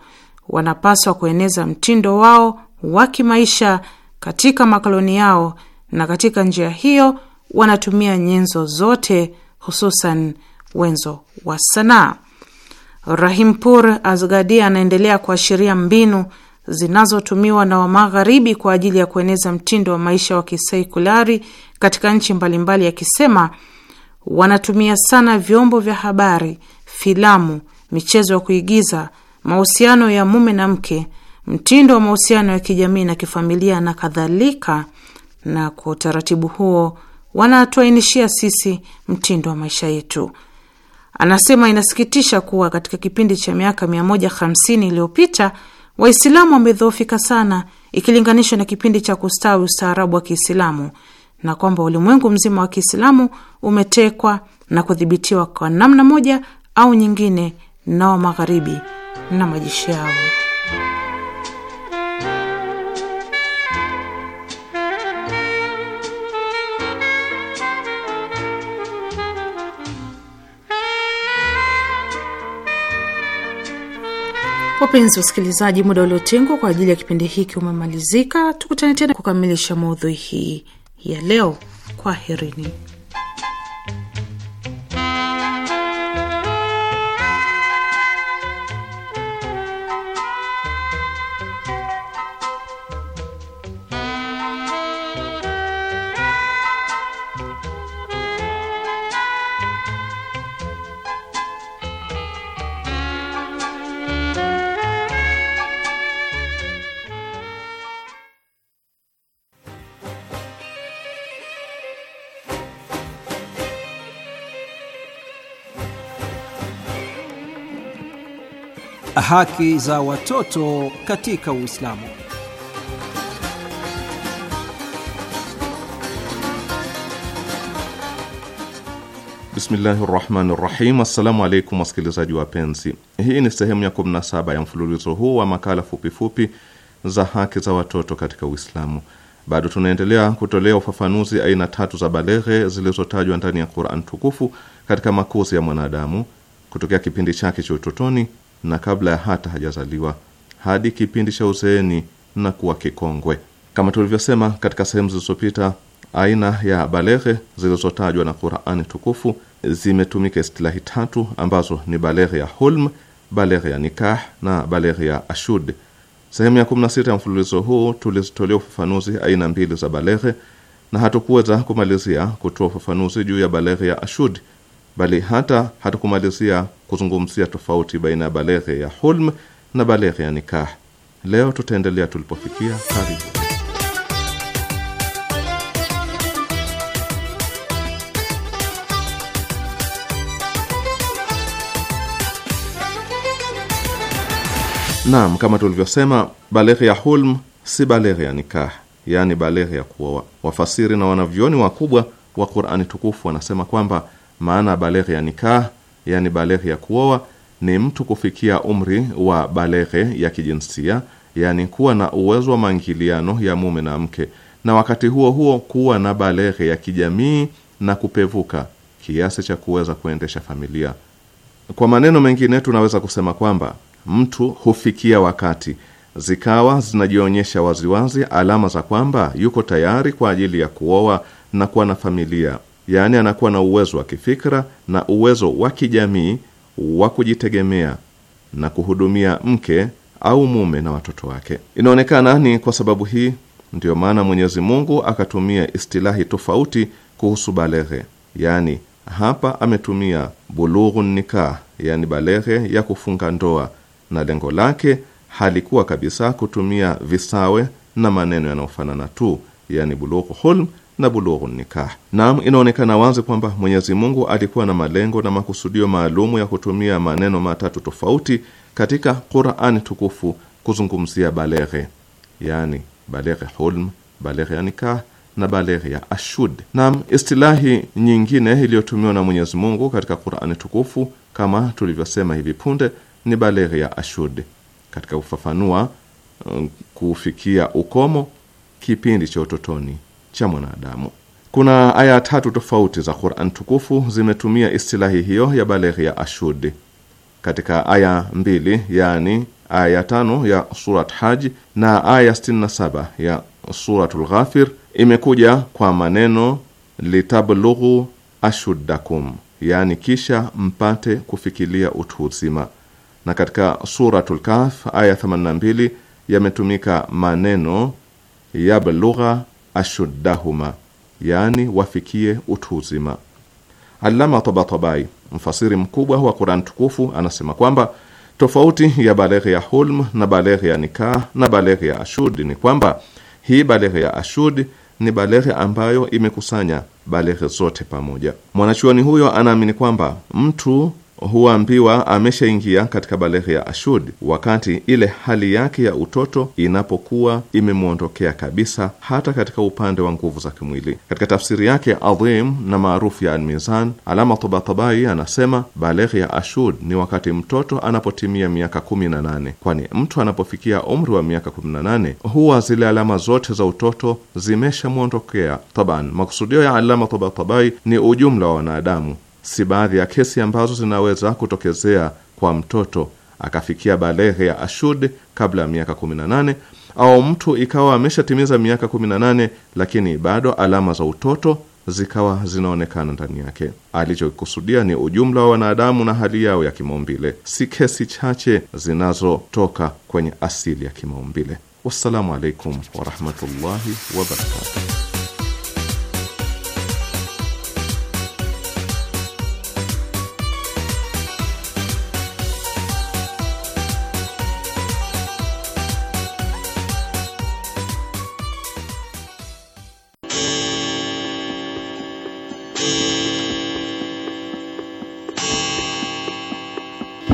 wanapaswa kueneza mtindo wao wa kimaisha katika makoloni yao, na katika njia hiyo wanatumia nyenzo zote, hususan wenzo wa sanaa. Rahimpur Azgadi anaendelea kuashiria mbinu zinazotumiwa na Wamagharibi kwa ajili ya kueneza mtindo wa maisha wa kisekulari katika nchi mbalimbali, akisema wanatumia sana vyombo vya habari, filamu, michezo ya kuigiza, mahusiano ya mume na mke, mtindo wa mahusiano ya kijamii na kifamilia na kadhalika, na kwa utaratibu huo wanatuainishia sisi mtindo wa maisha yetu. Anasema inasikitisha kuwa katika kipindi cha miaka 150 iliyopita Waislamu wamedhoofika sana ikilinganishwa na kipindi cha kustawi ustaarabu wa Kiislamu na kwamba ulimwengu mzima wa Kiislamu umetekwa na kudhibitiwa kwa namna moja au nyingine na wa Magharibi na majeshi yao. Wapenzi wasikilizaji, muda uliotengwa kwa ajili ya kipindi hiki umemalizika. Tukutane tena kukamilisha maudhui hii ya leo. Kwaherini. haki za watoto katika Uislamu. Bismillahi rahmani rahim. Assalamu alaikum wasikilizaji wapenzi, hii ni sehemu ya 17 ya mfululizo huu wa makala fupifupi za haki za watoto katika Uislamu. Bado tunaendelea kutolea ufafanuzi aina tatu za baleghe zilizotajwa ndani ya Quran tukufu katika makuzi ya mwanadamu kutokea kipindi chake cha utotoni na kabla ya hata hajazaliwa hadi kipindi cha uzeeni na kuwa kikongwe. Kama tulivyosema katika sehemu zilizopita, aina ya baleghe zilizotajwa na Qur'ani tukufu zimetumika istilahi tatu ambazo ni baleghe ya hulm, baleghe ya nikah na baleghe ya ashud. Sehemu ya 16 ya mfululizo huu tulizitolea ufafanuzi aina mbili za baleghe na hatukuweza kumalizia kutoa ufafanuzi juu ya baleghe ya ashud bali hata hatukumalizia kuzungumzia tofauti baina ya baleghe ya hulm na baleghe ya nikah. Leo tutaendelea tulipofikia. Karibu. Naam, kama tulivyosema, baleghe ya hulm si baleghe ya nikah, yaani baleghe ya kuoa. Wafasiri na wanavyoni wakubwa wa Qur'ani tukufu wanasema kwamba maana baleghe ya nikah, yani baleghe ya kuoa, ni mtu kufikia umri wa baleghe ya kijinsia, yani kuwa na uwezo wa maingiliano ya mume na mke, na wakati huo huo kuwa na baleghe ya kijamii na kupevuka kiasi cha kuweza kuendesha familia. Kwa maneno mengine, tunaweza kusema kwamba mtu hufikia wakati zikawa zinajionyesha waziwazi alama za kwamba yuko tayari kwa ajili ya kuoa na kuwa na familia yaani anakuwa na uwezo wa kifikra na uwezo wa kijamii wa kujitegemea na kuhudumia mke au mume na watoto wake. Inaonekana ni kwa sababu hii ndiyo maana Mwenyezi Mungu akatumia istilahi tofauti kuhusu baleghe, yaani hapa ametumia bulughu nikah, yaani baleghe ya kufunga ndoa, na lengo lake halikuwa kabisa kutumia visawe na maneno yanayofanana tu, yaani bulughu hulm na Bulughun Nikah. Naam, inaonekana wazi kwamba Mwenyezi Mungu alikuwa na malengo na makusudio maalumu ya kutumia maneno matatu tofauti katika Qur'ani tukufu kuzungumzia baleghe, yani baleghe hulm, baleghe ya nikah na baleghe ya ashud. Naam, istilahi nyingine iliyotumiwa na Mwenyezi Mungu katika Qur'ani tukufu kama tulivyosema hivi punde ni baleghe ya ashud katika kufafanua mm, kufikia ukomo kipindi cha utotoni cha mwanadamu. Kuna aya tatu tofauti za Qur'an tukufu zimetumia istilahi hiyo ya baleghi ya ashudi. Katika aya mbili, yani aya tano ya Surat Haj na aya saba ya Suratul Ghafir imekuja kwa maneno litablughu ashuddakum, yani kisha mpate kufikilia utu uzima, na katika Suratul Kahf aya 82 yametumika maneno yablugha ashuddahuma, yani wafikie utu uzima. Allama Tabatabai, mfasiri mkubwa wa Qur'an tukufu, anasema kwamba tofauti ya baleghe ya hulm na baleghe ya nikah na baleghe ya ashud ni kwamba hii baleghe ya ashud ni baleghe ambayo imekusanya baleghe zote pamoja. Mwanachuoni huyo anaamini kwamba mtu huambiwa ameshaingia katika baleghe ya ashud, wakati ile hali yake ya utoto inapokuwa imemwondokea kabisa, hata katika upande wa nguvu za kimwili. Katika tafsiri yake adhim na maarufu ya Almizan, Alama Tabatabai anasema baleghe ya ashud ni wakati mtoto anapotimia miaka kumi na nane, kwani mtu anapofikia umri wa miaka kumi na nane huwa zile alama zote za utoto zimeshamwondokea taban. Makusudio ya Alama Tabatabai ni ujumla wa wanadamu si baadhi ya kesi ambazo zinaweza kutokezea kwa mtoto akafikia balehe ya ashud kabla ya miaka 18 au mtu ikawa ameshatimiza miaka 18 lakini bado alama za utoto zikawa zinaonekana ndani yake. Alichokusudia ni ujumla wa wanadamu na hali yao ya kimaumbile, si kesi chache zinazotoka kwenye asili ya kimaumbile. Wassalamu alaikum warahmatullahi wabarakatuh.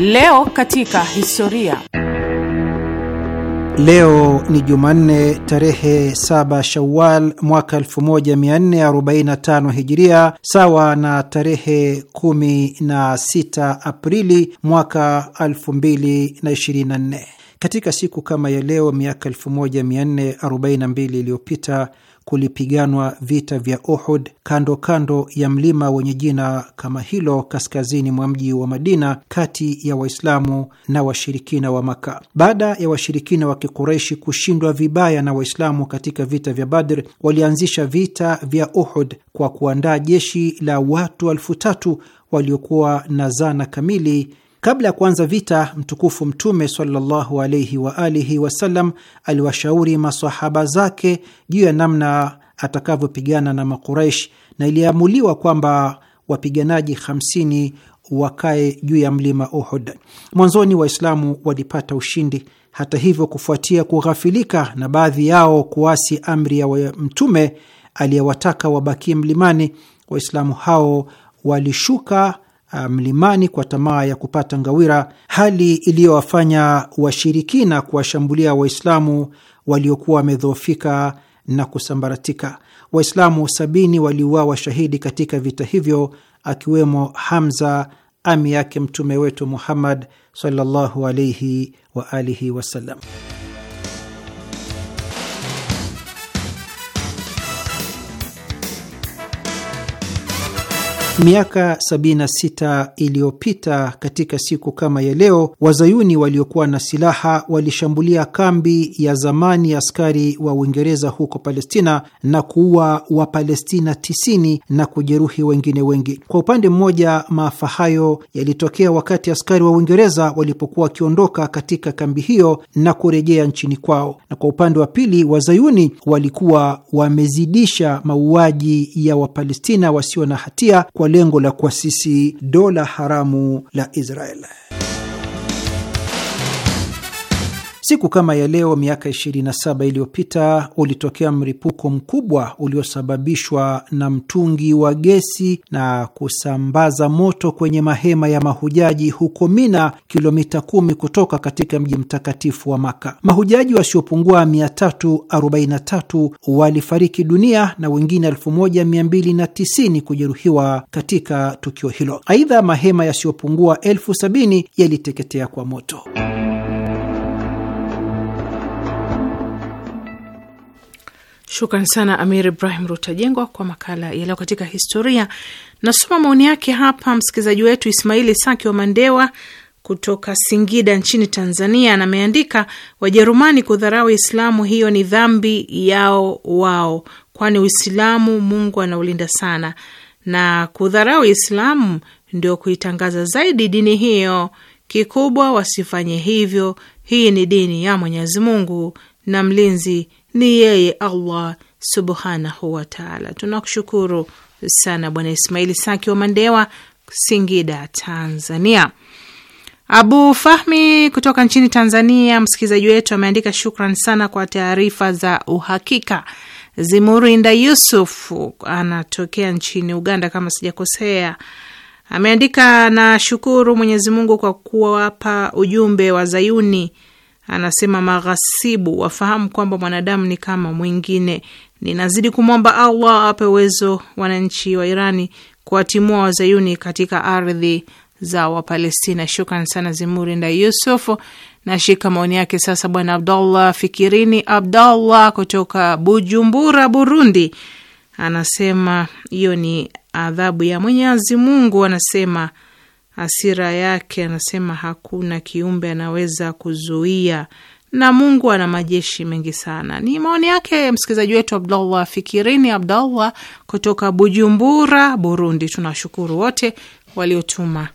Leo katika historia. Leo ni Jumanne tarehe 7 Shawal mwaka 1445 Hijiria, sawa na tarehe 16 Aprili mwaka 2024. Katika siku kama ya leo miaka 1442 iliyopita kulipiganwa vita vya Uhud kando kando ya mlima wenye jina kama hilo kaskazini mwa mji wa Madina, kati ya Waislamu na washirikina wa Maka. Baada ya washirikina wa Kikureshi kushindwa vibaya na Waislamu katika vita vya Badr, walianzisha vita vya Uhud kwa kuandaa jeshi la watu elfu tatu waliokuwa na zana kamili Kabla ya kuanza vita, mtukufu Mtume sallallahu alaihi wa alihi wasallam aliwashauri masahaba zake juu ya namna atakavyopigana na Makuraish, na iliamuliwa kwamba wapiganaji 50 wakae juu ya mlima Uhud. Mwanzoni Waislamu walipata ushindi. Hata hivyo, kufuatia kughafilika na baadhi yao kuasi amri ya Mtume aliyewataka wabakie mlimani, Waislamu hao walishuka Uh, mlimani kwa tamaa ya kupata ngawira, hali iliyowafanya washirikina kuwashambulia Waislamu waliokuwa wamedhoofika na kusambaratika. Waislamu sabini waliuawa shahidi katika vita hivyo, akiwemo Hamza, ami yake mtume wetu Muhammad sallallahu alaihi wa alihi wasallam. Miaka 76 iliyopita katika siku kama ya leo, wazayuni waliokuwa na silaha walishambulia kambi ya zamani ya askari wa Uingereza huko Palestina na kuua Wapalestina 90 na kujeruhi wengine wengi. Kwa upande mmoja, maafa hayo yalitokea wakati askari wa Uingereza walipokuwa wakiondoka katika kambi hiyo na kurejea nchini kwao, na kwa upande wa pili, wazayuni walikuwa wamezidisha mauaji ya Wapalestina wasio na hatia kwa kwa lengo la kuasisi dola haramu la Israel. Siku kama ya leo miaka 27 iliyopita ulitokea mlipuko mkubwa uliosababishwa na mtungi wa gesi na kusambaza moto kwenye mahema ya mahujaji huko Mina, kilomita kumi kutoka katika mji mtakatifu wa Maka. Mahujaji wasiopungua 343 walifariki dunia na wengine 1290 kujeruhiwa katika tukio hilo. Aidha, mahema yasiyopungua elfu sabini yaliteketea kwa moto. Shukran sana Amir Ibrahim Rutajengwa kwa makala yaleo katika historia. Nasoma maoni yake hapa. Msikilizaji wetu Ismaili Saki wa Mandewa kutoka Singida nchini Tanzania, na ameandika Wajerumani kudharau Islamu, hiyo ni dhambi yao wao, kwani Uislamu Mungu anaulinda sana, na kudharau Islamu ndio kuitangaza zaidi dini hiyo. Kikubwa wasifanye hivyo, hii ni dini ya Mwenyezi Mungu na mlinzi ni yeye Allah subhanahu wataala. Tunakushukuru sana Bwana Ismaili Saki wa Mandewa, Singida, Tanzania. Abu Fahmi kutoka nchini Tanzania, msikilizaji wetu ameandika, shukran sana kwa taarifa za uhakika. Zimurinda Yusuf anatokea nchini Uganda kama sijakosea, ameandika, nashukuru Mwenyezi Mungu kwa kuwapa ujumbe wa Zayuni Anasema maghasibu wafahamu kwamba mwanadamu ni kama mwingine. Ninazidi kumwomba Allah ape uwezo wananchi wa Irani kuwatimua wazayuni katika ardhi za Wapalestina. Shukran sana Zimuri Nda Yusufu. Nashika maoni yake sasa, Bwana Abdallah Fikirini Abdallah kutoka Bujumbura, Burundi, anasema hiyo ni adhabu ya Mwenyezi Mungu, anasema hasira yake, anasema hakuna kiumbe anaweza kuzuia, na Mungu ana majeshi mengi sana. Ni maoni yake msikilizaji wetu Abdallah Fikirini Abdallah kutoka Bujumbura, Burundi. Tunawashukuru wote waliotuma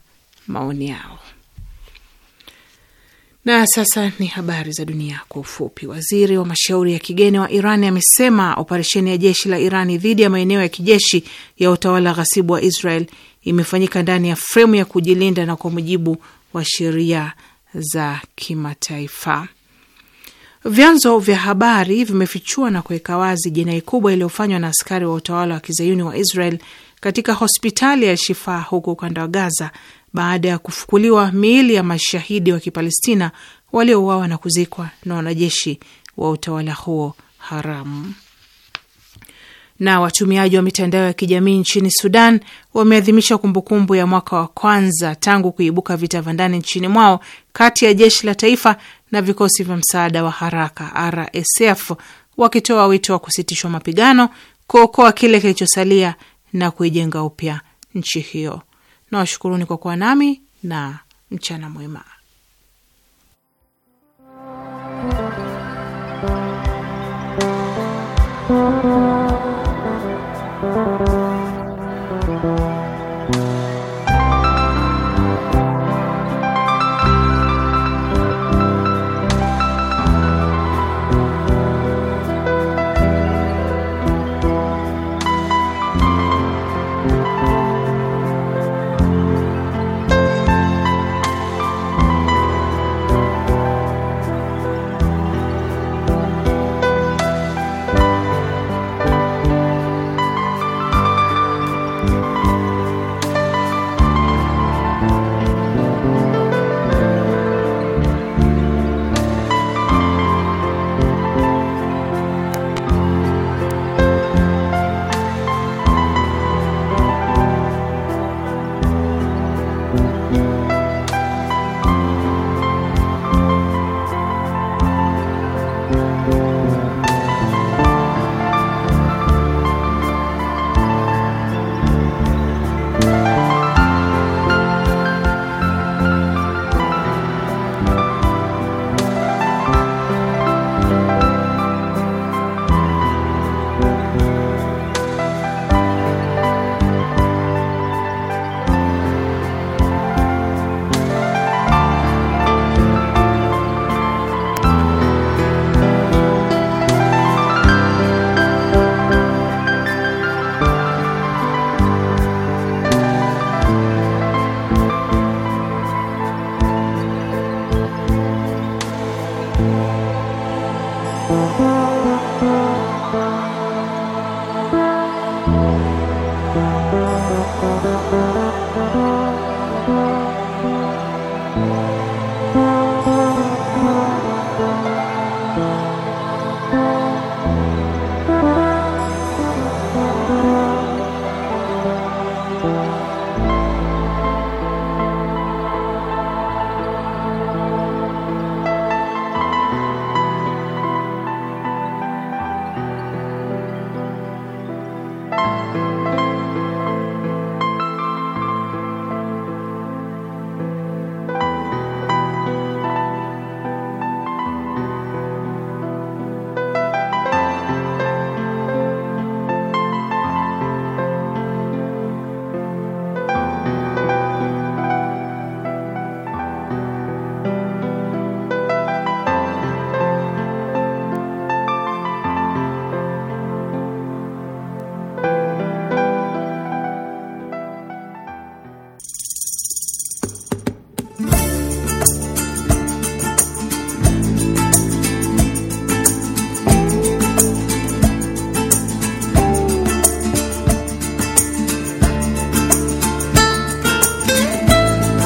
maoni yao. Na sasa ni habari za dunia kwa ufupi. Waziri wa mashauri ya kigeni wa Iran amesema operesheni ya jeshi la Irani dhidi ya maeneo ya kijeshi ya utawala ghasibu wa Israel imefanyika ndani ya fremu ya kujilinda na kwa mujibu wa sheria za kimataifa. Vyanzo vya habari vimefichua na kuweka wazi jinai kubwa iliyofanywa na askari wa utawala wa kizayuni wa Israel katika hospitali ya Shifa huko ukanda wa Gaza baada ya kufukuliwa miili ya mashahidi wa Kipalestina waliouawa na kuzikwa na wanajeshi wa utawala huo haramu na watumiaji wa mitandao ya kijamii nchini Sudan wameadhimisha kumbukumbu ya mwaka wa kwanza tangu kuibuka vita vya ndani nchini mwao kati ya jeshi la taifa na vikosi vya msaada wa haraka RSF, wakitoa wito wa kusitishwa mapigano, kuokoa kile kilichosalia na kuijenga upya nchi hiyo. Nawashukuruni kwa kuwa nami na mchana mwema.